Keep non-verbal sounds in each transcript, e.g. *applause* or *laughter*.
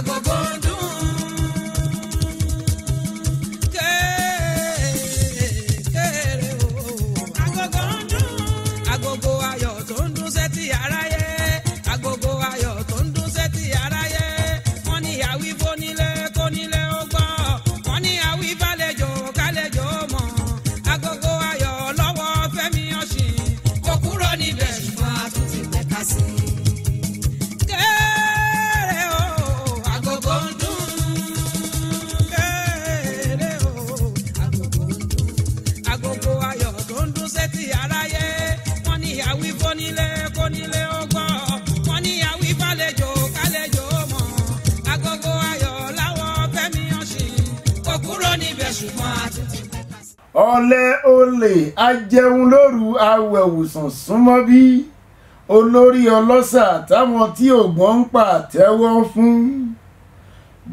agogo ń dún. ọ̀lẹ olè ajẹun lóru awẹ̀wùsàn súnmọ́ bí olórí ọlọ́ṣà táwọn tí ògbọ́n ń pa àtẹ́wọ́ fún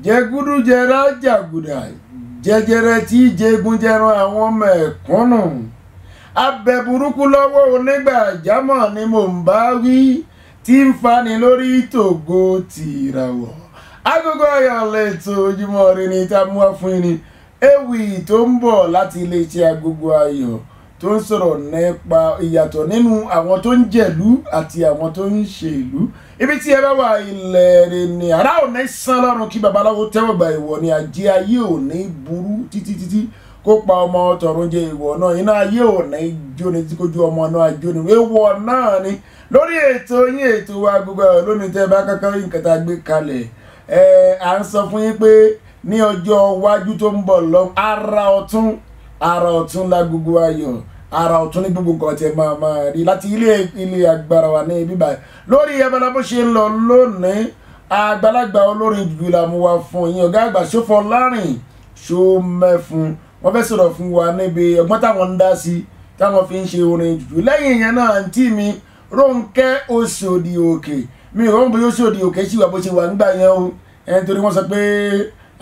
jẹgúdújẹrá jàgùdà jẹjẹrẹ tí jẹgunjẹran àwọn ọmọ ẹ̀kúnnù abẹ burúkú lọ́wọ́ onígbàjámọ̀ ni mò ń bá wí tí ń fani lórí tògo tìràwọ̀ agogo ayọ̀ lẹ́tọ̀ Ojúmọ́ Ire ni tá a mú wá fún yín ni ewì tó ń bọ̀ láti iléeṣẹ́ agogo ayọ̀ tó ń sọ̀rọ̀ nípa ìyàtọ̀ nínú àwọn tó ń jẹ̀lú àti àwọn tó ń ṣe ìlú ibi tí ẹ bá wà ilẹ̀ rẹ̀ ni ará ò ní san lọ́rùn kí babaláwo tẹ́wọ̀ gbà ìwọ ni ajé ayé ò ní burú títí títí kó pa ọmọ tọ̀run jẹ ìwọ náà iná ayé ò ní jóni tí kojú ọmọ náà jóni ewọ náà ni lórí ètò yín ètò wa gbogbo ẹ̀ lónìí tẹ́ bá kankan nǹkan tá gbé kalẹ̀ ẹ̀ à ń sọ fún yín pé ní ọjọ́ iwájú tó ń bọ̀ lọ ara ọ̀tún ara ọ̀tún lágogo ayọ̀ ara ọ̀tún ní gbogbo nǹkan tiẹ̀ máa máa rí láti ilé ilé agbára wa ní ibi báyìí lórí abala bó ṣe ń lọ lónìí àgbàlagbà olórin jùlọ la wa fún yín ọ̀gá àgbà ṣòfò lárìn ṣó mẹ́fun wọ́n fẹ́ sọ̀rọ̀ fún wa níbi ọgbọ́n táwọn ń dá sí táwọn fi ń ṣe orin jùlọ lẹ́yìn ìyẹn náà àǹtí mi Rónkẹ́ Òṣòdì Òkè mi ò rọ́n bóyá Òṣòdì Òkè ṣì wà bó ṣe wà nígbà yẹn o ẹni torí wọ́n sọ pé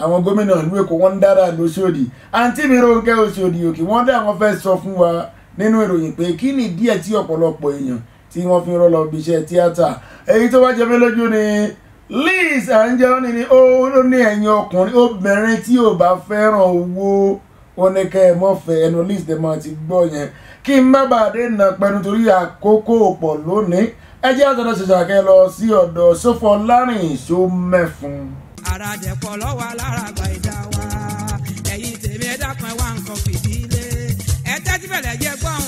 àwọn gómìnà ìlú èkó wọ́n ń dára lóṣòdì àǹtí mi Rónkẹ́ Òṣòdì Òkè wọ́n dá àwọn fẹ́ sọ fún wa nínú ìròyìn pé kí ni díẹ̀ tí ọ̀pọ̀lọpọ̀ èèyàn tí wọ́n fi rọ́ lọ bí iṣẹ́ tíátà èyí tó wá jẹ mí lójú ni Liz Anjorin ni ó ló ní ẹ̀yin ọkùnrin obìnrin tí ò bá fẹ́ràn owó oníkẹ́ ẹ̀ mọ́fẹ́ ẹnu Liz dẹ́mọ́ ti gbọ́ yẹn kí n má bàa dé nà pẹ̀lú torí àkókò pọ̀ lónìí ẹ jẹ́ àtọ́dọ̀ ṣẹ̀ṣàkẹ́ lọ sí ọ̀dọ̀ Ṣófọlárìn Ṣómẹ́fun àràdẹ̀pọ̀ lọ́wọ́ alára gba ìdá wa ẹ̀yin tèmi ẹ̀dá kan wá nǹkan fìdílé ẹ̀ tẹ́tí bẹ̀rẹ̀ jẹ́ gbọ́n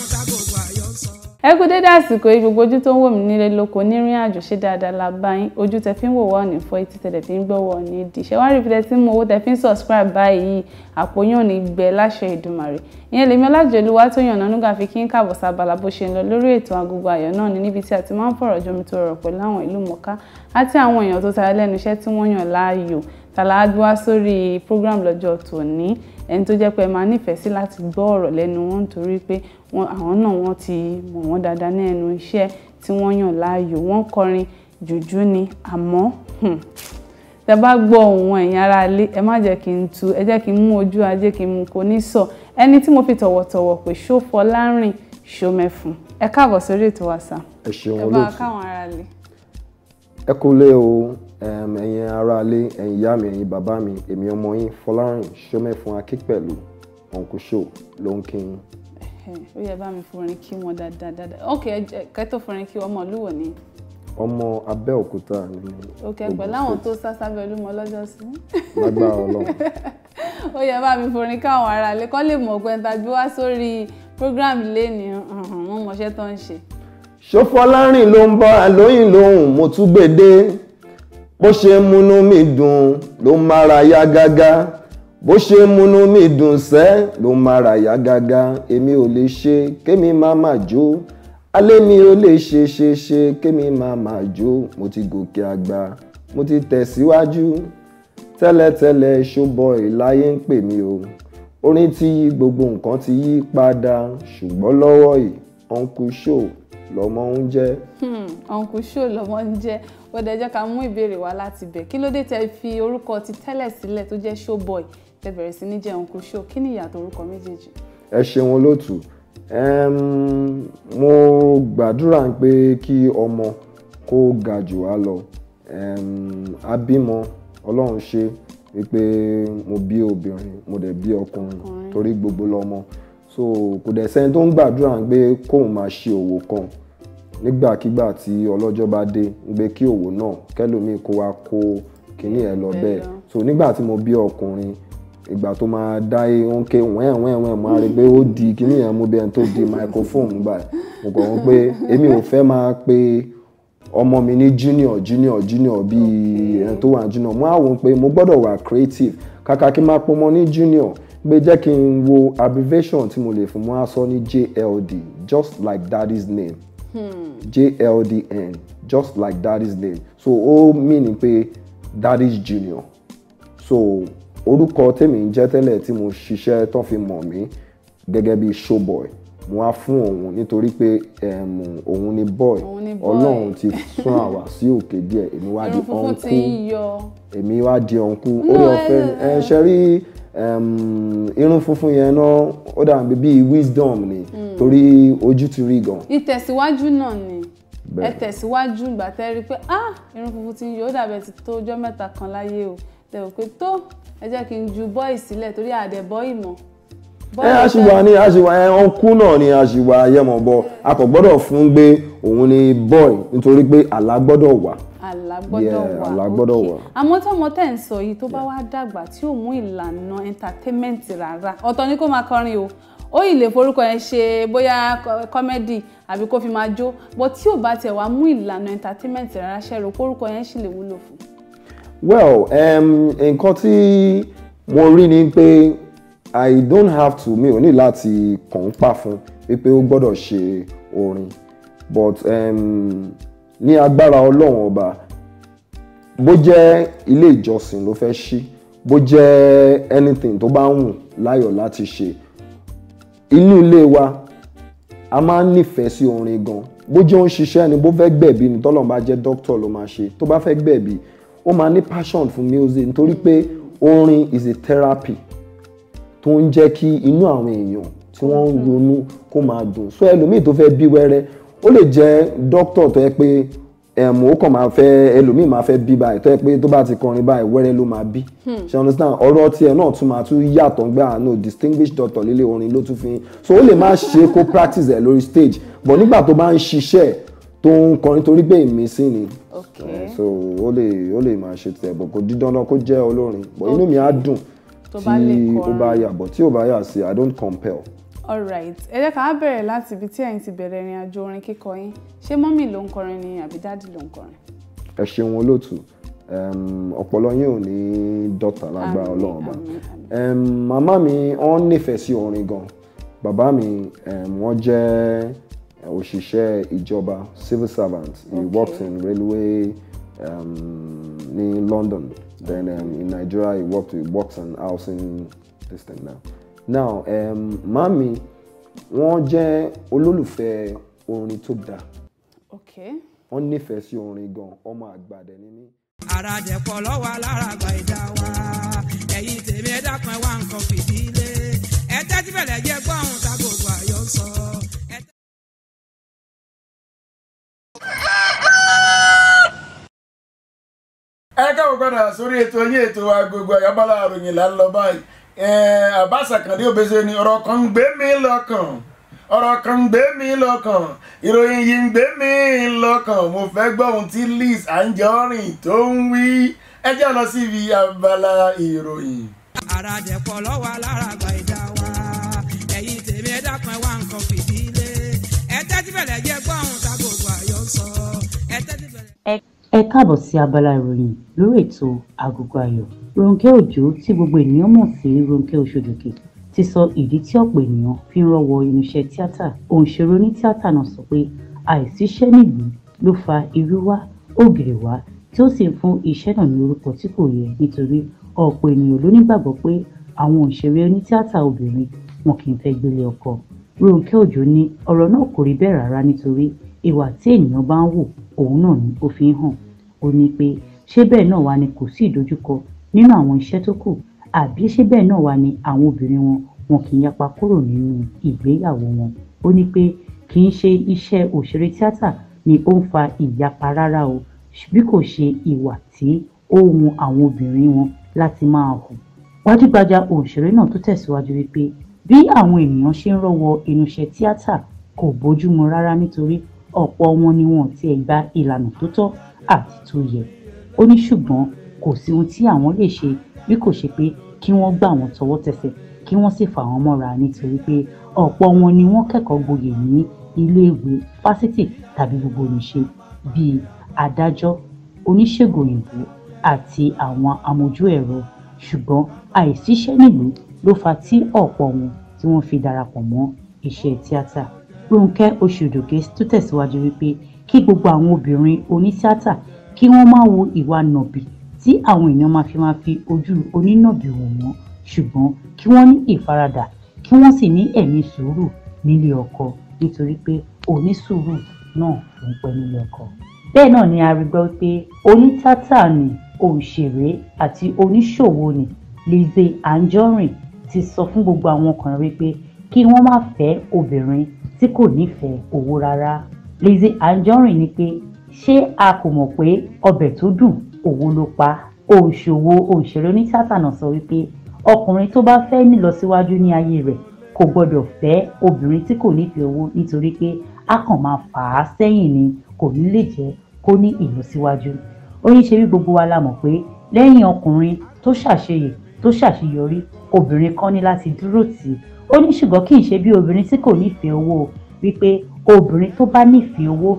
ẹ kú dédé àsìkò yìí gbogbo ojú tó ń wò mí nílé lóko nírìn àjò ṣé dáadáa la bá yín ojú tẹ fi ń wò wọ́ ní fọ́ etí tẹ̀lẹ̀ fi ń gbọ́ wọ́ ní di ṣé wọ́n rí ibi tẹ ti ń mú owó tẹ fi ń subscribe báyìí àpò yóò ní gbẹ láṣẹ Èdùmàrè ìyẹn lèmi Ọlájọolúwa tó yàn nánú gàfi kí n káàbọ̀ sábàlá bó ṣe ń lọ lórí ètò Agogo Ayọ̀ náà ni níbi tí a ti máa ń fọ̀rọ̀ jomi tó rọ̀ pẹ̀lú àwọn ìlú mọ̀ká àti àwọn èèyàn tó tara lẹ́nu iṣẹ́ tí wọ́n yàn láàyò tàlàgbé wá sórí program lọ́jọ́ tòní ẹni tó jẹ́ pé ẹ máa nífẹ̀ẹ́ sí láti gbọ́ ọ̀rọ̀ lẹ́nu wọn nítorí pé àwọn náà wọ́n ti mọ̀ wọ́n dáadáa ní ẹnu iṣẹ́ tí wọ́n yàn láàyò wọ́n kọrin jùjú ni àmọ́ hmm, tẹ bá gbọ́ ohun ẹ̀yin ará ilé ẹ má jẹ́ kí n tu ẹ jẹ́ kí n mú ojú ajé kí n mú kó ní sọ ẹni tí mo fi tọ̀wọ̀tọ̀wọ̀ pé ṣófọ lárìn ṣómẹ́fun ẹ káàbọ̀ sórí ètò wa sà ẹ ṣeun olóòtú ẹ bá káwọn ará ilé. ẹ kú lé o ẹ̀yin ará ilé ẹ̀yin ìyá mi ẹ̀yin bàbá mi èmi ọmọ yín Fọlárìn ṣómẹ́fun akípẹ̀lú ọ̀nkúṣò ló ń kí yín ó yẹ bá mi forin kí wọn dáadáa dáadáa ok kẹtọ forin kí ọmọ olúwo ni. ọmọ Abẹ́òkúta ni. ok pẹ̀lú àwọn tó sá sábẹ́ olúmọ lọ́jọ́ sí. lágbára Ọlọ́run. *laughs* ó yẹ bá mi forin káwọn ará ilé kọ́ lè mọ̀ ọ̀gbẹ́ tàbí wá sórí program lẹ́ni wọn mọ̀ṣẹ́ tó ń ṣe. ṣòfọlárìn ló ń bọ́ àlóyìn lòun mo tún gbèdé bó ṣe múnú mi dùn ló mára yá gágá bó ṣe múnú mi dùn sẹ́ ló máa rà yá gágá èmi ò lè ṣe kémi má má jó alẹ́ mi ò lè ṣe ṣe ṣe kémi má má jó mo ti gòkè àgbà mo ti tẹ̀síwájú tẹ́lẹ̀tẹ́lẹ̀ showboy láyé ń pè mí o orin ti yí gbogbo nǹkan ti yí padà ṣùgbọ́n lọ́wọ́ yìí uncle show lọmọ ń jẹ́. Hmm, uncle show lọmọ ń jẹ́ bọ́dẹ̀ jẹ́ ká mú ìbéèrè wá láti bẹ̀ kí ló dé tẹ́ fi orúkọ ti tẹ́lẹ̀ sílẹ̀ tó jẹ́ showboy tẹ bẹ̀rẹ̀ sí ní jẹ́ Uncle Show kí ni ìyàtọ̀ orúkọ méjèèjì. ẹ ṣeun olóòtú mo gbàdúrà pé kí ọmọ kó ga jù wá lọ a ọlọ́run ṣe wípé mo bí obìnrin mo dẹ̀ bí ọkùnrin torí gbogbo lọ́mọ so kò dẹ̀ sẹ́ni tó ń gbàdúrà pé kóun máa ṣe òwò kan nígbàkigbà tí ọlọ́jọ́ bá dé gbé kí òwò náà kẹ́lòmíì kó wá kó kínní ẹ̀ lọ bẹ́ẹ̀ so nígbà tí mo bí ọkùnrin ìgbà tó máa dá ohun e, ké wẹ́n wẹ́n wẹ́n máa rí pé ó di kíní yẹn mú bí ẹni tó di microphone gbà mo kàn wọ́n pé èmi ò fẹ́ máa pe ọmọ mi ní junior junior junior bíi ẹni tó wà junior mo á wò pé mo gbọ́dọ̀ wà creative kàkà kí n máa pọmọ ní junior pé jẹ́ kí n wo abbreviation tí mo lè fún mo á sọ ní JLD just like daddy's name hmm. JLDN just like daddy's name so ó mì ní pé daddy's junior so orúkọ tèmi ń jẹ́ tẹ́lẹ̀ tí mo ṣiṣẹ́ tó fi mọ̀ mí gẹ́gẹ́ bí showboy mo á fún òun nítorí pé òun ni boy ọlọ́run ti sún àwa sí òkè díẹ̀ èmi wá di ọ̀nkú èmi wá di ọ̀nkú orí ọ̀fẹ́ ẹ ṣe rí irun funfun yẹn náà ó dàbí bíi wisdom ni hmm. torí ojú ti rí gan. ìtẹ̀síwájú náà ni ẹ tẹ̀síwájú ìgbà tẹ́ rí pé ah irun funfun ti ń yọ ó dàbẹ̀ ti tó ọjọ́ mẹ́ta kan láyé o tẹ̀ pé tó ẹ jẹ́ kí n ju bọ́ì sílẹ̀ torí àdẹ bọ́ì mọ́. ẹ aṣìwà ni aṣìwà ẹ ọkú náà ni aṣìwà ayẹmọ̀bọ a kò gbọ́dọ̀ fún gbé òun ni bọ́ì nítorí pé àlá gbọ́dọ̀ wà. àlá gbọ́dọ̀ wà àlá gbọ́dọ̀ wà. àmọ́ tọmọ tẹ̀ ń sọ yìí tó bá wá dàgbà tí ò mú ìlànà entertainment rárá ọ̀tọ̀ ni kó máa kọrin o ó yìí lè forúkọ yẹn ṣe bóyá kọ́mẹ́dì àbí kó fi máa jó bó tí ò bá tẹ̀ wá mú ìlànà entertainment rárá ṣẹ́ro forúkọ yẹn sì lè wúlò fún un well um, nǹkan tí mo rí ni pé i don't have to mi ò ní láti kàn ń pa fún wípé ó gbọ́dọ̀ ṣe orin but um, ní agbára ọlọ́run ọba bó jẹ́ ilé ìjọsìn ló fẹ́ ṣí bó jẹ́ anything tó bá ń wù láyọ̀ láti ṣe inú ilé wa a máa ń nífẹ̀ẹ́ sí orin gan bó jẹ́ ó ń ṣiṣẹ́ ni bó fẹ́ gbẹ̀bí ni tọ́lọ́run bá jẹ́ dókítà ló máa ṣe tó bá fẹ́ gbẹ̀bí ó máa ní passion for music nítorí pé orin is a therapy tó ń jẹ́ kí inú àwọn èèyàn tí wọ́n ń ronú kó máa dùn so ẹlòmíì tó fẹ́ bí wẹ́rẹ́ ó lè jẹ́ doctor tó yẹ pé ẹ̀mú ó kàn máa fẹ́ ẹlòmíì máa fẹ́ bí báyìí tó yẹ pé tó bá ti kọrin báyìí wẹ́rẹ́ ló máa bí hmm. ṣe understand ọ̀rọ̀ tiẹ̀ náà tún máa tún yàtọ̀ gbé àánú distinguished doctor lílé orin ló tún fi so ó lè má ṣe kó practice ẹ̀ lórí stage but nígbà tó bá ń ṣiṣẹ́ tó ń kọrin torí pé èmi sì ni eh, so ó lè ó lè máa ṣe tiẹ̀ bọ̀ kò dídánná kó jẹ́ olórin bọ̀ inú mi á dùn tí ó bá yà bọ̀ tí ó bá yà sí i i don't compel. alright ẹ jẹ́ ká bẹ̀rẹ̀ láti ibi tí ẹ̀yin ti bẹ̀rẹ̀ ìrìn àjò orin kíkọ yín ṣé mọ́mì ló ń kọrin ni àbí dáàdì ló ń kọrin. ẹ ṣeun olóòtú ọpọlọ yín ò ní dọ́tà lágbára ọlọ́run ọba màmá mi wọ́n nífẹ̀ẹ́ sí orin gan bàbá mi wọ́n jẹ́ òṣìṣẹ́ ìjọba civil servant okay. he worked in railway um, ní London then um, in Nigeria he worked he worked and housing this thing now now um, mami wọ́n jẹ́ olólùfẹ́ orin tó dáa wọ́n nífẹ̀ẹ́ sí orin gan ọmọ àgbà dẹ̀ ni mí. ara dẹ̀pọ̀ lọ́wọ́ alára gba ìdá wa ẹ̀yin tèmi ẹ dákun wá nǹkan fìdílé ẹ tẹ́tí bẹ̀rẹ̀ jẹ́ gbọ́n ohun tá gbogbo àyọ̀ sọ. ẹ káwọ́ padà sórí ètò yín ètò agbègbè àyábálà àròyìn là ń lọ báyìí àbáṣà kàndé òbèṣe ni ọ̀rọ̀ kan ń gbé mi lọ́kàn ọ̀rọ̀ kan ń gbé mi lọ́kàn ìròyìn yìí gbé mi lọ́kàn mo fẹ́ gbọ́ ohun tí Liz Anjorin tó ń wí ẹ jẹ́ lọ síbi abala ìròyìn. ara dẹ̀pọ̀ lọ́wọ́ alára gba ìdá wa ẹ̀yin tèmi ẹ dákun ẹ nǹkan fìdí ilé ẹ tẹ́tí bẹ̀rẹ̀ jẹ́ gbọ́ ẹ káàbọ̀ sí abala ìròyìn lórí ètò agogo ayọ̀ Ronke Ojo tí gbogbo ènìyàn mọ̀ sí Ronke Oṣodòkè ti sọ ìdí tí ọ̀pọ̀ ènìyàn fi ń rọ́wọ́ irúṣẹ́ tíátà òǹṣèré onítìátà náà sọ pé àìsíṣẹ́ nílùú ló fa irú wá ògèrè wá tí ó sì ń fún iṣẹ́ náà ní orúkọ tí kò yẹ nítorí ọ̀pọ̀ ènìyàn ló nígbàgbọ́ pé àwọn òǹṣèré onítìátà obìnrin wọn kì í fẹ́ gbélé ọkọ Ronke Ojo ní ọ̀rọ̀ náà kò rí bẹ́ẹ̀ rárá nítorí ìwà tí ènìyàn bá ń wò òun náà ni ó fi ń hàn ó ní pé ṣé bẹ́ẹ̀ náà wá ni kò sí ìdojúkọ nínú àwọn iṣẹ́ tó kù àbí ṣé bẹ́ẹ̀ náà wá ni àwọn obìnrin wọn wọn kì í yapa kúrò nínú ìgbéyàwó wọn ó ní pé kì í ṣe iṣẹ́ òṣèré tíátà ni ó ń fa ìyapa rárá o bí kò ṣe ìwà tí ó wun àwọn obìnrin wọn láti máa hù gbajúgbajà òṣèré náà tó tẹ̀síwájú wípé bí àwọn ènìyàn ṣe ń rọ́wọ́ inú tíátà kò bójúmu rárá nítorí ọ̀pọ̀ wọn ni wọn ò tiẹ̀ gba ìlànà tó tọ́ àti tó yẹ ó ní ṣùgbọ́n kò sí ohun tí àwọn lè ṣe bí kò ṣe pé kí wọ́n gbà wọ́n tọwọ́ tẹsẹ̀ kí wọ́n sì fà wọ́n mọ́ra nítorí pé ọ̀pọ̀ wọn ni wọ́n kẹ́kọ̀ọ́ gboyè ní iléèwé fásitì tàbí gbogbo oníṣe bíi adájọ́ oníṣègùn òyìnbó àti àwọn amójú ẹ̀rọ ṣùgbọ́n àìsíṣẹ́ nílùú ló fa tí ọ̀pọ̀ wọn tí wọ́n fi darapọ̀ mọ́ iṣẹ́ tíátà Rónkẹ́ Oṣòdòkè tó tẹ̀síwájú wípé kí gbogbo àwọn obìnrin onítìátà kí wọ́n má wo ìwà nọ̀bì tí àwọn èèyàn máa fi máa fi ojú onínọ̀bì wò wọ́n ṣùgbọ́n kí wọ́n ní ìfaradà kí wọ́n sì ní ẹ̀mí sùúrù nílé ọkọ nítorí pé onísùúrù náà ń pẹ́ nílé ọkọ. bẹ́ẹ̀ náà ni a rí gbọ́ pé onítìátà ni òṣèré àti oníṣòwò ni Lizzy Anjorin ti sọ fún gbogbo àwọn ọkùnrin pé kí wọ́n má fẹ́ obìnrin tí kò nífẹ̀ẹ́ owó rárá. Lizzy Anjorin ni pé ṣé a kò mọ̀ pé ọbẹ̀ tó dùn òwò ló pa òǹṣòwò òǹṣèré onítìátà náà sọ wípé ọkùnrin tó bá fẹ́ nílọsíwájú ní ayé rẹ̀ kò gbọdọ̀ fẹ́ obìnrin tí kò nífẹ̀ẹ́ owó nítorí pé a kàn máa fà á sẹ́yìn ni kò ní lè jẹ́ kó ní ìlọsíwájú ó ní ṣe bí gbogbo wa la mọ̀ pé lẹ́yìn ọkùnrin tó ṣàṣeyè tó ṣàṣeyọrí obìnrin kan ní láti dúró tì í ó ní ṣùgbọ́n kì í ṣe bí obìnrin tí kò nífẹ̀ẹ́ owó wípé obìnrin tó bá nífẹ̀ẹ́ owó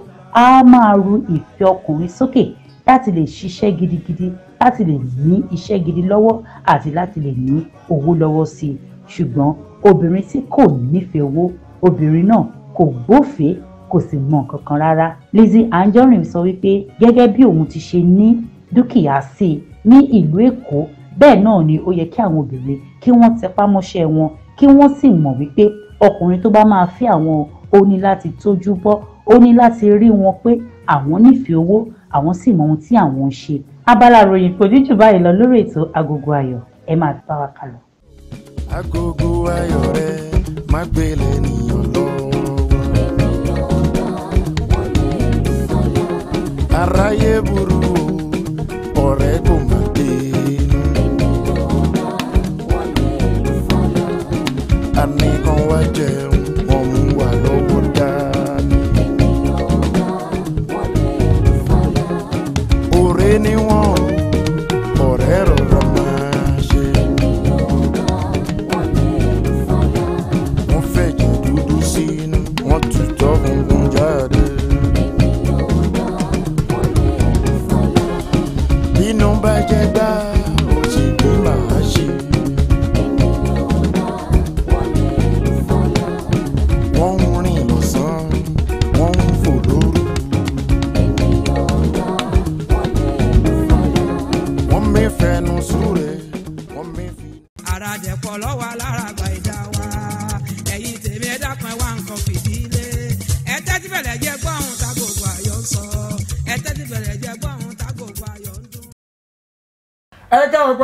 á máa ru ìfẹ́ ọkùnrin sókè láti lè ṣiṣẹ́ gidigidi láti lè ní iṣẹ́ gidi lọ́wọ́ àti láti lè ní owó lọ́wọ́ sí i ṣùgbọ́n obìnrin tí kò nífẹ̀ẹ́ owó obìnrin náà kò gbófèé kò sì mọ nǹkan kan rárá Lizzy Anjorin sọ wípé gẹ́gẹ́ bí òun ti ṣe ní dúkìá sí i ní ìlú Èkó bẹ́ẹ̀ náà ni ó yẹ kí àwọn obìnrin kí wọ́n tẹpá mọ́ṣẹ́ wọn kí wọ́n sì mọ̀ wípé ọkùnrin tó bá máa fi àwọn ó ní láti tójú bọ́ ó ní láti rí wọn pé àwọn nífẹ̀ẹ́ owó àwọn sì mọ ohun tí àwọn ń ṣe. abala ròyìn kò ní jù báyìí lọ lórí ètò agogo ayọ̀ ẹ máa bá wa kálọ. agogo ayọ̀ rẹ má gbélé nìyàn lọ́wọ́. aráyé burú ọ̀rẹ́ kò má dé. àníkan wá jẹun.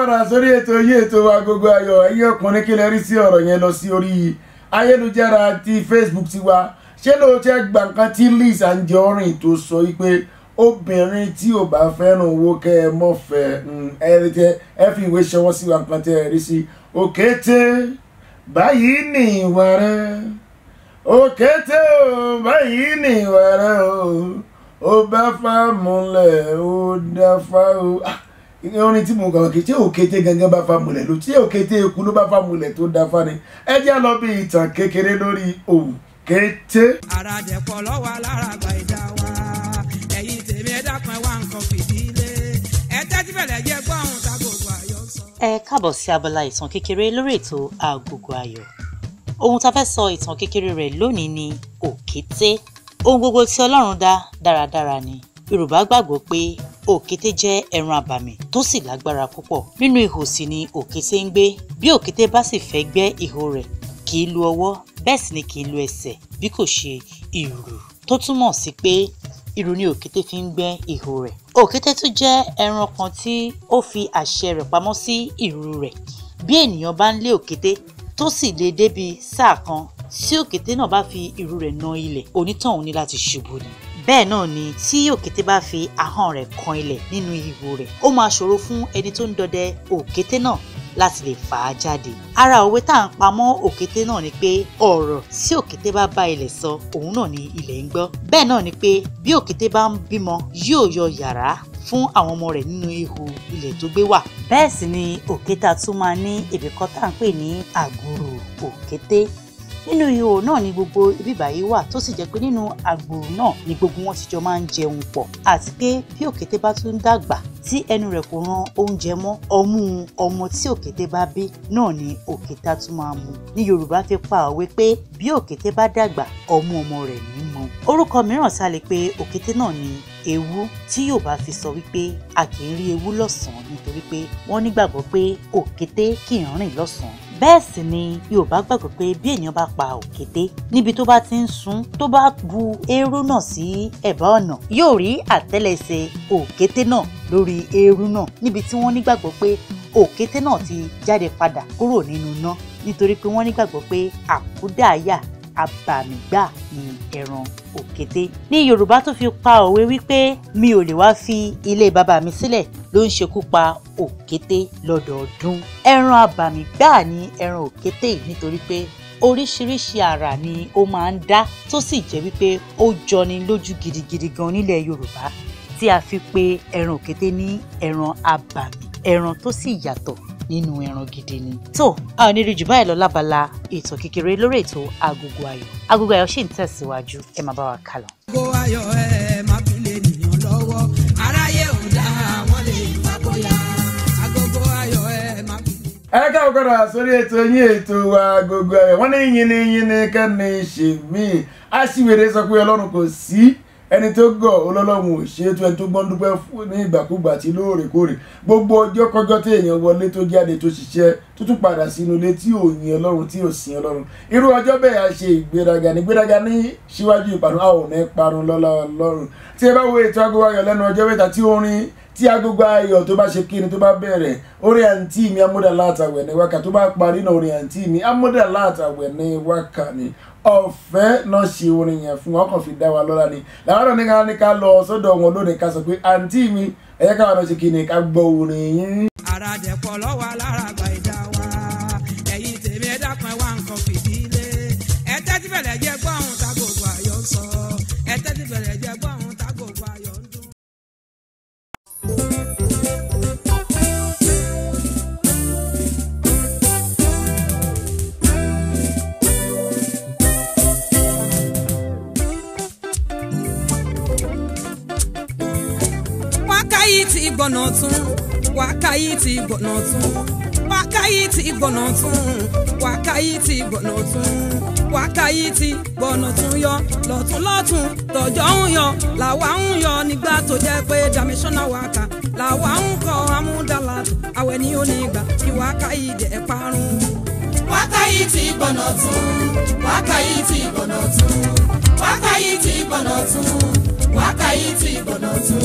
padà sórí ètò yìí ètò Agogo Ayọ̀ ẹ̀yin ọkùnrin kí lẹ rí sí ọ̀rọ̀ yẹn lọ sí orí ayélujára ti Facebook ti wa ṣé lóòótọ́ gbà kan tí Liz Anjorin tó sọ wípé obìnrin tí ò bá fẹ́ràn owó kẹ́ ẹ mọ̀fẹ́ mm, ẹ fi ìwé ṣọwọ́ sí wa nǹkan tẹ́ ẹ rí sí òkété báyìí ní ìwà rẹ òkété o báyìí ní ìwà rẹ o ó bá fà múlẹ̀ ó dáfà o. Ah orin tí mo gbàgbọ́ kì í ṣe òkété gangan bá fa mulẹ̀ ló ṣe òkété eku ló bá fa mulẹ̀ tó da fani ẹ jẹ́ lọ bí ìtàn kékeré lórí òkété. ara lọ́wọ́ alára gba ìjà wa ẹ̀yin tèmi ẹ dákun wá nǹkan fìdílé ẹ tẹ́tí bẹ̀rẹ̀ jẹ́ gbọ́ àwọn Ayọ̀ sọ. ẹ káàbọ̀ sí abala ìtàn kékeré lórí ètò Agogo Ayọ̀ ohun tá fẹ́ sọ ìtàn kékeré rẹ̀ lónìí ni òkété ohun gbogbo tí Ọlọ́run dá dáradára ni yorùbá gbàgbọ́ pé òkété jẹ́ ẹran abàmì tó sì lágbára púpọ̀ nínú ihò sì ni òkété ń gbé bí òkété bá sì fẹ́ gbẹ́ ihò rẹ̀ kì í lu ọwọ́ bẹ́ẹ̀ sì ni kì í lu ẹsẹ̀ bí kò ṣe ìrù tó túmọ̀ sí pé ìrù ni òkété fi ń gbẹ́ ihò rẹ̀ òkété tún jẹ́ ẹran kan tí ó fi àṣẹ rẹ̀ pamọ́ sí ìrù rẹ̀ bí ènìyàn bá ń lé òkété tó sì lè débi sáà kan tí òkété náà bá fi ìrù rẹ̀ na ilẹ̀ onítọ̀hún ní láti ṣubú ni bẹ́ẹ̀ náà ni tí òkété bá fi ahọ́n rẹ̀ kan ilẹ̀ nínú ihò rẹ̀ ó máa ṣòro fún ẹni tó ń dọdẹ òkété náà láti lè fà á jáde. ara òwe tá à ń pa mọ́ òkété náà ni pé ọ̀rọ̀ tí òkété bá bá ilẹ̀ sọ òun náà ni ilẹ̀ ń gbọ́. bẹ́ẹ̀ náà ni pé bí òkété bá ń bímọ yóò yọ yàrá fún àwọn ọmọ rẹ̀ nínú ihò ilẹ̀ tó gbé wà. bẹ́ẹ̀ sì ni òkété tún máa ní ibìkan tá à ń pè ní àgùrù òkété nínú ihò náà ni gbogbo ibìbà yìí wà tó sì jẹ́ pé nínú àgbòrò náà ni gbogbo wọn ti jọ máa ń jẹun pọ̀ àti pé bí òkété bá tún dàgbà tí ẹnu rẹ̀ kò ran oúnjẹ mọ́ ọmú ọmọ tí òkété bá bí náà ni òkété á tún máa mu ní Yorùbá fi pa òwe pé bí òkété bá dàgbà ọmú ọmọ rẹ̀ ní mu orúkọ mìíràn tá a pe òkété náà ni ewu tí yóò bá fi sọ wípé a kì í rí ewu lọ́sàn-án nítorí pé wọ́n nígbàgbọ́ pé òkété kì í rìn lọ́sàn-án bẹ́ẹ̀ sì ni Yorùbá gbàgbọ́ pé bí ènìyàn bá pa òkété níbi tó bá ti ń sun tó bá bu eérú náà sí ẹ̀bá ọ̀nà yóò rí àtẹ́lẹsẹ̀ òkété náà lórí eérú náà níbi tí wọ́n nígbàgbọ́ pé òkété náà ti jáde padà kúrò nínú iná nítorí pé wọ́n nígbàgbọ́ pé àkúdàáyà abàmìgbà ni ẹran òkété ní Yorùbá tó fi pa òwe wípé mi ò lè wá fi ilé bàbá mi sílẹ̀ ló ń ṣekú pa òkété lọ́dọọdún ẹran abàmì gbáà ni ẹran òkété yìí nítorí pé oríṣiríṣi àrà ni ó máa ń dá tó sì jẹ́ wípé ó jọni lójú gidigidi gan nílẹ̀ Yorùbá tí a fi pè ẹran òkété ní ẹran abàmì ẹran tó sì yàtọ̀ nínú ẹran gidi ni. tó a ò ní rí jù báyìí lọ lábala ètò kékeré lórí ètò agogo ayọ̀ agogo ayọ̀ ṣì ń tẹ̀síwájú ẹ máa bá wa kálọ. agogo ayọ̀ ẹ máa. ẹ káwọn padà sórí ètò yín ètò wa gbogbo ẹ wọn ní yín ní yín ní kẹ́ni ṣe mí aṣíwèrè sọ pé ọlọ́run kò sí ẹni tó gọ̀ ọlọ́lọ́run ò ṣe tó ẹni tó gbọ́n dúpẹ́ fún ní ìgbàkúgbà àti lóòrèkóòrè gbogbo ọjọ́ kọjọ́ tí èèyàn wọlé tó jáde tó ṣiṣẹ́ tó tún padà sínú ilé tí ò yin ọlọ́run tí ò sin ọlọ́run irú ọjọ́ bẹ́ẹ̀ a ṣe ìgbéraga ní ìgbéraga ní síwájú ìparun a ò ní parun lọ́lá ọlọ́run tí ẹ bá wo ètò agogo ayọ̀ lẹ́nu ọjọ́ mẹ́ta tí orin tí agogo ayọ̀ tó bá ṣe kíni tó bá bẹ̀rẹ̀ orin àǹtí mi amúdàlá àtàwẹ̀ ní wákà tó bá parí náà orin àǹtí mi amúdàlá àtàwẹ̀ ní wákà ni ọ̀fẹ́ náà ṣe orin yẹn fún wọn kàn fi dá wa lọ́la ni làárọ̀ ní ká ní ká lọ sọ́dọ̀ wọn lónìí ká sọ pé àǹtí mi ẹ̀yẹ́ káwọn náà ṣe kíni ká gbọ́ orin yín. àràdẹ̀pọ̀ lọ́wọ́ alára àgbà ìd igbo n'ọtụn gwa aka ya ite igbo n'ọtụn gwa aka ya ite aka ya yọ lọ́tún lọ́tún tọjọ ń yọ làwa ń yọ nígbà tó pé waka làwa ń kọ amúdàlàdù ní aka yìí parun. wákà ti gbọ̀nà n'otu wákà ti gbọ̀nà n'otu wákà ti wákàyítì gbọ̀nà tún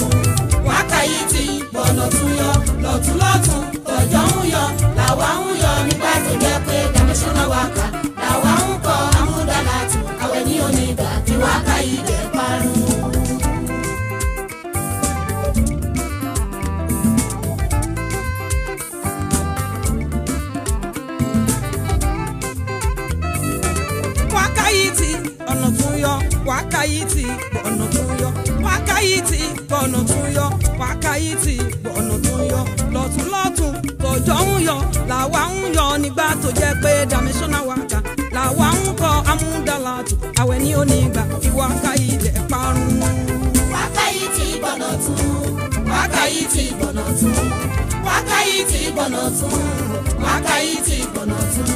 wákàyítì gbọ̀nà tún yọ lọ́tún lọ́tún tọ̀jọ́ ń yọ làwa ń yọ nígbà tó jẹ́ pé dàmísọ́nà wákà làwa ń kọ amúdàlá tún àwẹ̀ ní onígbà tí wákàyítì parun. wákàyítì ọ̀nà tún yọ wákàyítì ọ̀nà tún. wáyìtì gbọ̀nà tún yọ wákàyìtì gbọ̀nà yọ lọ́tùnlọ́tùn tòjọ́ ń yọ làwa ń yọ nígbà tó jẹ́ pé dàmísọ́nà wàkà làwa ń kọ amúdàlàtù àwẹ̀ ní onígbà parun. wákàyìtì gbọ̀nà tún wákàyìtì gbọ̀nà tún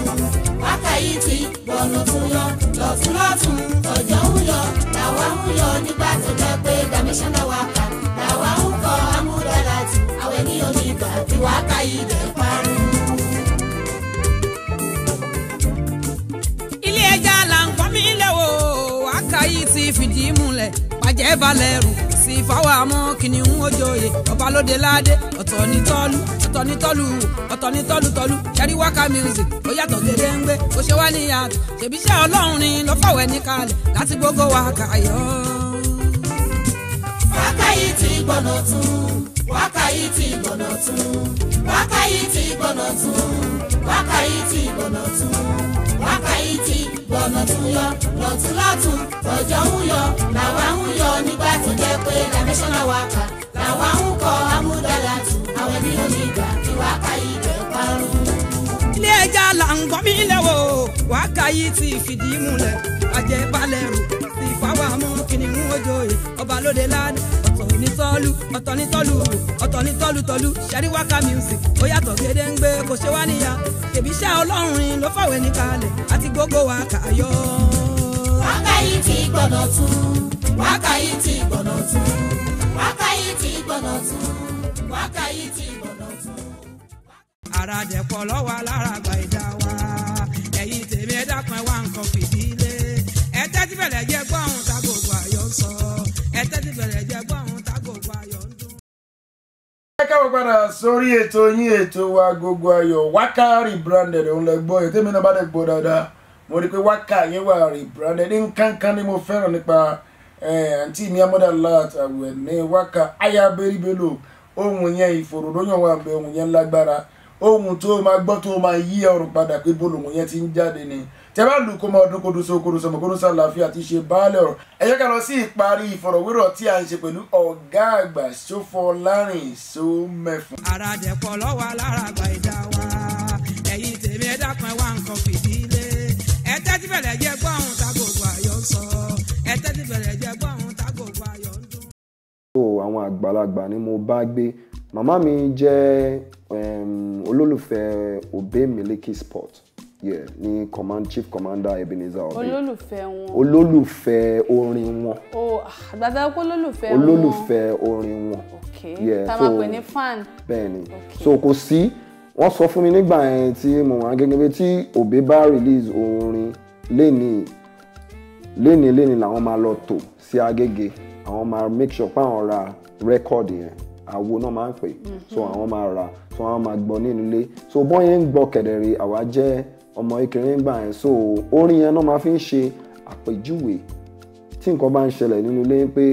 wákàyìtì gbọ̀nà tún yọ lọ́tún lọ́tún ọjọ́ ń yọ làwa ń yọ nígbà tó jẹ́ pé dàmísánná wa kà làwa ń kọ́ amúdára tù àwọn ènìyàn ní ìgbà tí wákàyì rẹ̀ parí. ilé balẹ̀ rù sí fáwọn amọ́ kìnìún wọn joyè ọba lóde ládé ọ̀tọ̀ ní tọ́lú ọ̀tọ̀ ní tọ́lú ọ̀tọ̀ ní tọ́lú tọ́lú ṣẹ́rí wákà music ó yàtọ̀ gédéńgbé ó ṣe wá níyàtọ̀ ṣèbíṣẹ́ ọlọ́run ni lọ́fọ̀wẹ́ ní kalẹ̀ láti gbogbo wa kàyọ́. wákàyí ti gbọ̀nà tún wákàyí ti gbọ̀nà tún wákàyí ti gbọ̀nà tún wákàyí ti gbọ̀nà tún wákàyí ti gbọ̀nà tún yọ lọ́tún lọ́tún ọjọ́ ń yọ làwa ń yọ nígbà tó jẹ́ pé dimensional wákà àwa ilé ẹja là ń gbọ́ mí lẹ́wọ̀ wàá ká ti fìdí múlẹ̀ àjẹbalẹ̀ rò sí fáwọ́mù kìnìún ojoyè ọba lóde ládé ọ̀tọ̀ ní tọ́lú ọ̀tọ̀ ní tọ́lú rò ọ̀tọ̀ ní tọ́lú tọ́lú ṣẹ́ríwáka music ó yàtọ̀ gédéǹgbé kò ṣe wá níyà èbíṣẹ́ ọlọ́run ló fàwé ní kalẹ̀ àti gbogbo wa kà yọ. wákàyí ti gbọ́dọ̀ tún wákàyí ti ara dẹ̀pọ̀ lọ́wọ́ alára gba ìdá wa eyi tèmi ẹ̀dá kan wá nǹkan fìdílé ẹ tẹ́tí bẹ̀rẹ̀ jẹ́ ohun tá gbogbo ayọ sọ ẹ tẹ́tí bẹ̀rẹ̀ jẹ́ ohun tá gbogbo ayọ ń dún. ẹ káwọ́ padà sórí ètò yín ètò wa gbogbo ayọ̀ wákàrí branded òun ètò bá dáadáa mo rí i pé yẹn wà rí branded ni mo nípa eh, àǹtí ohun yẹn ìfòròdóyàn wà bẹ ohun yẹn lágbára ohun tó máa gbọ́ tó máa yí ọrùn padà pé bó lòun yẹn ti ń jáde ni tẹ bá lù kó máa dún kodo so kodo sọmọ kodo sàlàáfíà ti ṣe baálé ọ̀rọ̀ ẹ jẹ́ ká lọ sí ìparí ìfọ̀rọ̀wérọ̀ tí a ń ṣe pẹ̀lú ọ̀gá àgbà Ṣófọlárìn Ṣómẹ́fun. ara dẹ̀pọ̀ lọ́wọ́ alára àgbà ìdá wa ẹ̀yin tèmi ẹ dákun ẹ wá nǹkan fìdí ẹ tẹ́tí bẹ̀rẹ̀ àgbàlagbà ni mo bá gbé màmá mi jẹ́ um, olólùfẹ́ Obey Miliki Sport yeah, ní command chief commander Ebenezer Obey olólùfẹ́ wọn olólùfẹ́ orin wọn oh àgbàdo pé olólùfẹ́ wọn olólùfẹ́ orin wọn ok yeah, tá a máa pè ní fan bẹ́ẹ̀ni okay. so kò sí wọ́n sọ fún mi nígbà yẹn tí mo wà gẹ́gẹ́ bí tí Obey bá release orin lẹ́nìí lẹ́nìí lẹ́nìí làwọn máa lọ tò sí Agége àwọn máa make sure pé àwọn ra record yẹn àwo náà máa ń pè so mhm. àwọn máa ra so àwọn máa gbọ́ nínú ilé so bọ́n yẹn ń gbọ́ kẹ̀dẹ̀rẹ̀ àwa jẹ́ ọmọ ìkéré ń yẹn so orin yẹn náà máa fi ń ṣe àpèjúwe tí nǹkan bá ń ṣẹlẹ̀ nínú ilé pé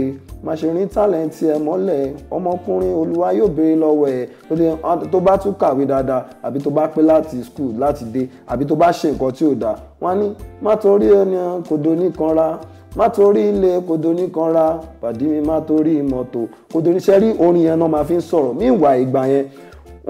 máa ṣe ní tálẹ̀ǹtì ẹ mọ́lẹ̀ ọmọkùnrin olúwa yóò béèrè lọ́wọ́ ẹ̀ ah, tó bá tún kàwé dáadáa àbí tó bá pé láti skul láti dé àbí tó bá ṣe nǹkan tí ò dáa wọ́n á ní má torí ẹni kò do nìkan ra má torí ilé kòdó nìkan ra pàdé mi má torí mọ́tò kòdó níṣẹ́ rí orin yẹn náà máa fi ń sọ̀rọ̀ mí ìwà ìgbà yẹn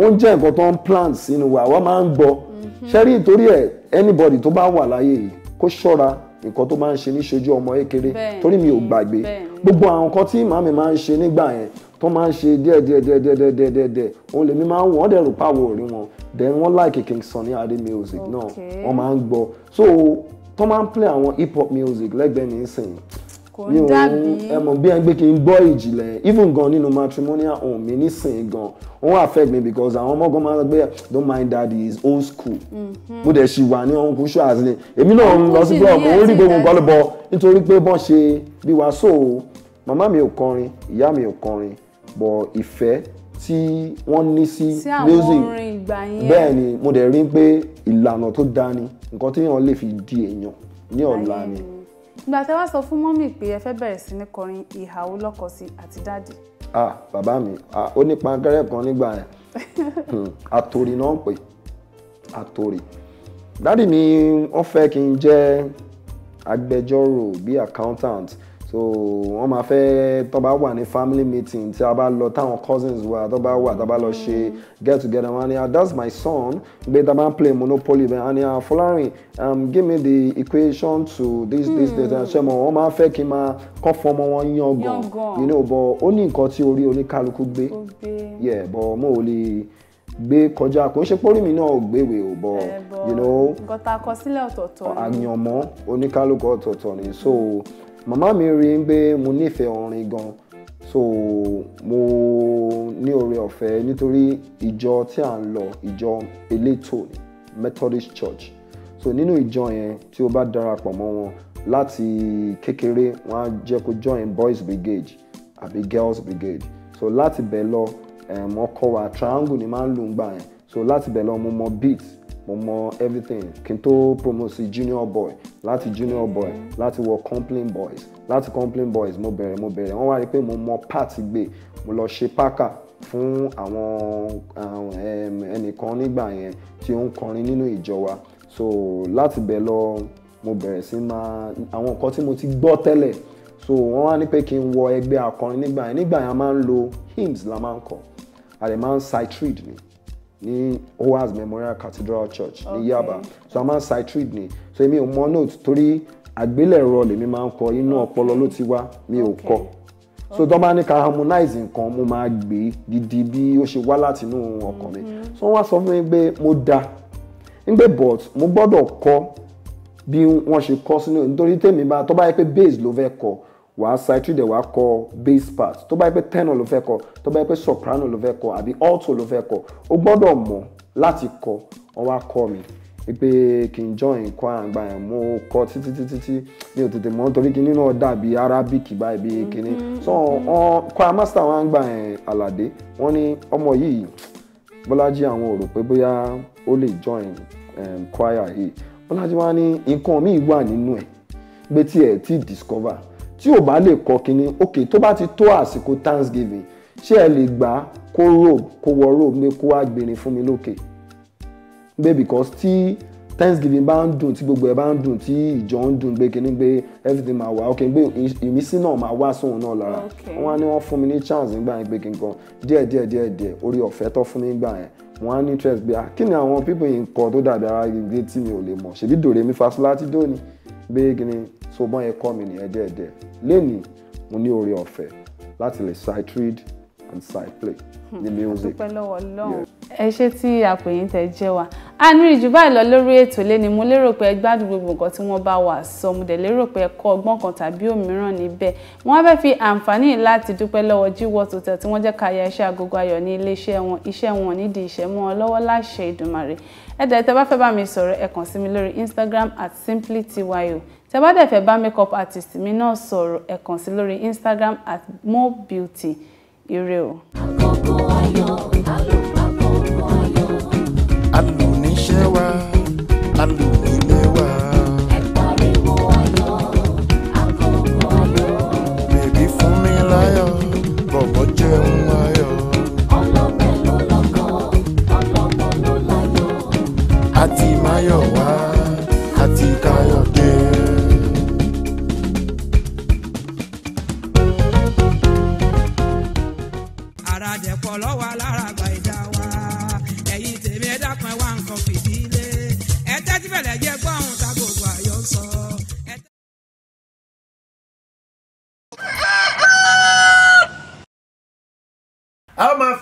ó nǹkan tó ń plant sínú wa wọ́n máa ń gbọ́ mm-hmm. ṣẹ́rí ìtorí ẹ̀ anybody tó bá wà láyé yìí kó ṣọ́ra nǹkan tó máa ń ṣe níṣojú ọmọ ékeré torí mi ò gbàgbé gbogbo àwọn nǹkan tí màmí máa ń ṣe nígbà yẹn tó máa ń ṣe díẹ̀ díẹ̀ díẹ̀ díẹ̀ díẹ̀ díẹ̀ díẹ̀ díẹ̀ òun lèmi máa ń wọ́n dẹ̀ rò pàwọ̀ òrí wọn then wọ́n like King Sunny Adé music náà wọ́n máa ń gbọ́ so tó máa ń play àwọn hip hop music lẹ́gbẹ̀ẹ́ nísìnyí mi ò ẹ mọ̀ bí ẹgbẹ́ kí n gbọ́ ìjìnlẹ̀ even gan nínú matrimonial home mi nísìnyí gan wọ́n affect me because àwọn ọmọ gan máa ń gbé don't mind daddy is old school mhm. mo dẹ̀ ṣì wà ní ọ̀hún kúṣù àti èmi náà ń lọ sí blog òun rí gbogbo nǹkan nítorí pé bọ́n ṣe bí wàá so Mama mi ò kọrin ìyá mi ò kọrin bọ̀ ìfẹ́ tí wọ́n ní sí music bẹ́ẹ̀ ni mo dẹ̀ rí pé ìlànà tó dáa nǹkan tí èèyàn lè fi di èèyàn ní ọ̀la ni. ìgbà tí wàá sọ fún mọ́mì pé ẹ fẹ́ bẹ̀rẹ̀ sí ní kọrin ìhàwó lọ́kọ àti dáàdì. ah bàbá mi ó ní pankẹ́rẹ́ kan nígbà yẹn *laughs* hmm, àtòrì náà ń pè dáàdì mi wọ́n fẹ́ kí n jẹ́ agbẹjọ́rò bíi accountant so wọ́n máa fẹ́ tó bá wà ní family meeting tí a bá lọ táwọn cousins wa tó bá wà tó bá lọ mm. ṣe get together wọn ni ah, that's my son gbé tá bá ń play monopoly bẹ́ẹ̀ and uh, Folarin um, give me the equation to this hmm. this this mm. ṣe mọ̀ wọ́n máa fẹ́ kí n máa kọ́ fọmọ wọn yán you know but ó ní nǹkan tí orí oníkálukú gbé yeah but mo ò lè gbé kọjá kò ń ṣe pórí mi náà gbéwè ò bọ eh, you know gọta àkọsílẹ̀ ọ̀tọ̀ọ̀tọ̀ àyànmọ́ oníkálukú ọ̀tọ̀ọ̀tọ̀ ni so. Mm -hmm màmá mi rí i pé mo nífẹ̀ẹ́ orin gan so mo ní oore ọ̀fẹ́ nítorí ìjọ tí à ń lọ ìjọ elétò Methodist Church so nínú ìjọ yẹn tí o bá darapọ̀ mọ́ wọn láti kékeré wọn á jẹ́ kó join boys brigade àbí girls brigade so láti bẹ̀ lọ wọ́n wa triangle ni máa ń lù ń gbà yẹn so láti bẹ̀ lọ mo mọ beat mo mọ everything kí n tó promote sí junior boy láti junior boy láti wọ complain boys láti complain boys mo bẹ̀rẹ̀ mo bẹ̀rẹ̀ wọ́n wá rí i pé mo mọ part gbé mo lọ ṣe packer fún àwọn ẹnìkan nígbà yẹn tí ó ń kọrin nínú ìjọ so láti bẹ̀ lọ mo bẹ̀rẹ̀ sí máa àwọn nǹkan tí mo ti gbọ́ tẹ́lẹ̀ so wọ́n wá ní pé kí n wọ ẹgbẹ́ akọrin nígbà yẹn nígbà yẹn a máa ń lo hymns la máa ń kọ a lè máa ń sightrade ni ní Owens Memorial Cathedral Church ní Yaba so a máa citrate ni so èmi ò mọ note torí àgbélẹ̀rọ lèmi máa ń kọ inú ọpọlọ ló ti wá mi ò kọ so tó bá ní ká harmonize nǹkan mo máa gbé gidi bí ó ṣe wá láti ọkàn mi mm-hmm. so wọ́n wá sọ fún mi pé mo da n pé but mo gbọ́dọ̀ kọ bí wọ́n ṣe kọ sínú nítorí tèmi bá tó bá yẹ pé bass ló fẹ́ kọ wàá side dẹ̀ wàá kọ bass part tó bá yẹ pé tenor ló fẹ́ kọ tó bá yẹ pé soprano ló fẹ́ kọ àbí alto ló fẹ́ kọ o gbọ́dọ̀ mọ̀ láti kọ wọ́n wá kọ́ mi pé kí n join kọ́ àgbà yẹn mo kọ́ títí títí tí mi ò tètè mọ̀ nítorí kí nínú dàbí arabic báyìí bí kíní mhm. so kọ́ master wọn àgbà yẹn àlàdé wọ́n ní ọmọ yìí bọ́lájí àwọn ò rò pé bóyá ó lè join choir yìí bọ́lájí wọn ní nǹkan míì wà nínú ẹ̀ gbé tí ẹ̀ ti discover tí ò bá lè kọ́ kínní ok tó bá ti tó àsìkò thanksgiving ṣé ẹ lè gbà kó robe kó wọ robe ní kó wá gbìnrin fún mi lókè gbé because tí thanksgiving bá ń dùn tí gbogbo ẹ bá ń dùn tí ìjọ ń dùn gbé kínní gbé everything máa wá ok gbé ìmísí náà máa wá sóhun náà lára wọn á ní wọn fún mi ní chance nígbà yẹn gbé kí n kan díẹ̀ díẹ̀ díẹ̀ díẹ̀ orí ọ̀fẹ́ tó fún mi nígbà yẹn wọn á ní interest gbé ah, kí ni àwọn people yìí ń kọ tó dàbí ara gbé tí mi ò lè mọ̀ ṣèbí dòrèmí fasolá ti dóni bẹ́ẹ̀gì ni so bọ́n yẹn kọ́ mi nìyẹn díẹ̀díẹ̀ lẹ́nìí mo ní oore ọ̀fẹ́ láti lè sighted and side play ní music. ọpẹ́ lọ́wọ́ Ọlọ́run ẹ ṣé tí àpèyìn tẹ jẹ́ wa a ní ìjù báyìí lọ lórí ètò lé ni mo lérò pé ẹ gbádùn gbogbo nǹkan tí wọ́n bá wà sọ mo dẹ̀ lérò pé ẹ kọ́ ọgbọ́n kan tàbí òmíràn níbẹ̀ wọ́n fẹ́ẹ́ fi àǹfààní láti dúpẹ́ lọ́wọ́ Gworth Hotel tí wọ́n jẹ́ ká ya iṣẹ́ agogo ayọ̀ ní iléeṣẹ́ wọn iṣẹ́ wọn nídìí iṣẹ́ mọ́ ọ lọ́wọ́ láṣẹ Ìdùmarè ẹ dẹ̀ tẹ́ bá fẹ́ bá mi sọ̀rọ̀ ẹ kàn sí mi lórí Instagram at simplytyo tẹ́ bá dẹ̀ fẹ́ bá makeup artist mi náà sọ̀rọ̀ ẹ kàn sí lórí Instagram at mobeauty You're real.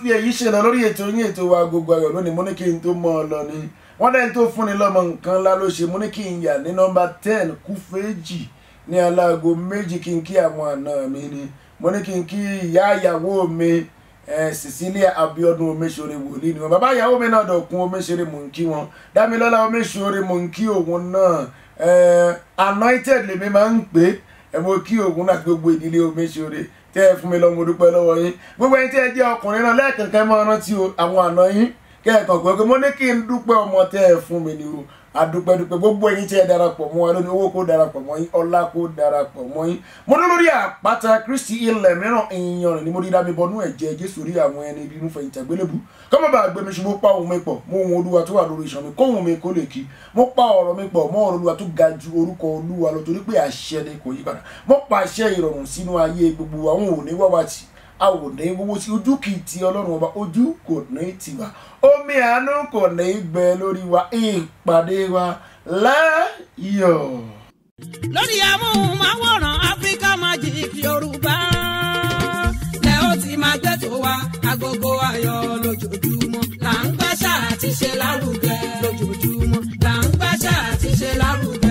bí èyí ṣe lọ lórí ètò yín ètò wa gbogbo ayọ̀ lónìí mo ní kí n tó mọ ọ lọ ni wọ́n dẹ́ni tó fúnni lọ́mọ nǹkan ńlá ló ṣe mo ní kí n yà ní nọ́mbà ten Kúfèjì ní alago méjì kí n kí àwọn àna mi ni mo ní kí n kí ìyá ìyàwó mi Cecilia Abiodun omesore wòlíì ni wọn bàbá ìyàwó mi náà dọ̀kun omesore mò ń kí wọn Dámilọ́lá omesore mò ń kí òun náà anointed lèmi máa ń pè é mo kí òun náà gbogbo ìdílé omesore tẹ́ ẹ fún mi lọ mo dúpẹ́ lọ́wọ́ yín gbogbo ẹni tí ẹ jẹ́ ọkùnrin náà lẹ́ẹ̀kẹ̀kẹ́ máa rántí àwọn àná yín kẹ́ẹ̀kan pé mo ní kí n dúpẹ́ ọmọ tẹ́ ẹ fún mi ni o adúpẹ́dúpẹ́ gbogbo ẹ̀yin tí ẹ darapọ̀ mọ́ ẹ lónìí owó kó darapọ̀ mọ́ yín ọlá kó darapọ̀ mọ́ yín mo dúró lórí àpáta kristi ilẹ̀ mìíràn ìyanrìn ni mo dídá mi bọnú ẹ̀jẹ̀ jésù rí àwọn ẹni ibi inú fẹ̀yìntì àgbélébù kọ́ mọ̀ bá gbé mi ṣubú pa ohùn mi pọ̀ mo ohùn olúwa tó wà lórí iṣan mi kóhùn mi kó lè kí mo pa ọ̀rọ̀ mi pọ̀ mọ́ ọ̀rọ̀ olúwa tó ga ju orúkọ olúwa lọ torí pé àṣẹ ni kò yí padà mo pa àṣẹ ìrọ̀rùn sínú ayé gbogbo àwọn òní wáwá tì a ò ní wọ́wọ́ sí ojú kì í ti ọlọ́run ọba ojú kò ní tiwa omi àánú kò ní gbẹ lórí wa ìpàdé wa láyọ̀. lórí amóhùnmáwòrán Africa Magic Yorùbá lẹ ó ti máa gbẹ́tò wa agogo ayọ̀ lójoojúmọ́ là ń gbàṣà àti ṣe lárugẹ lójoojúmọ́ là ń gbàṣà àti ṣe lárugẹ.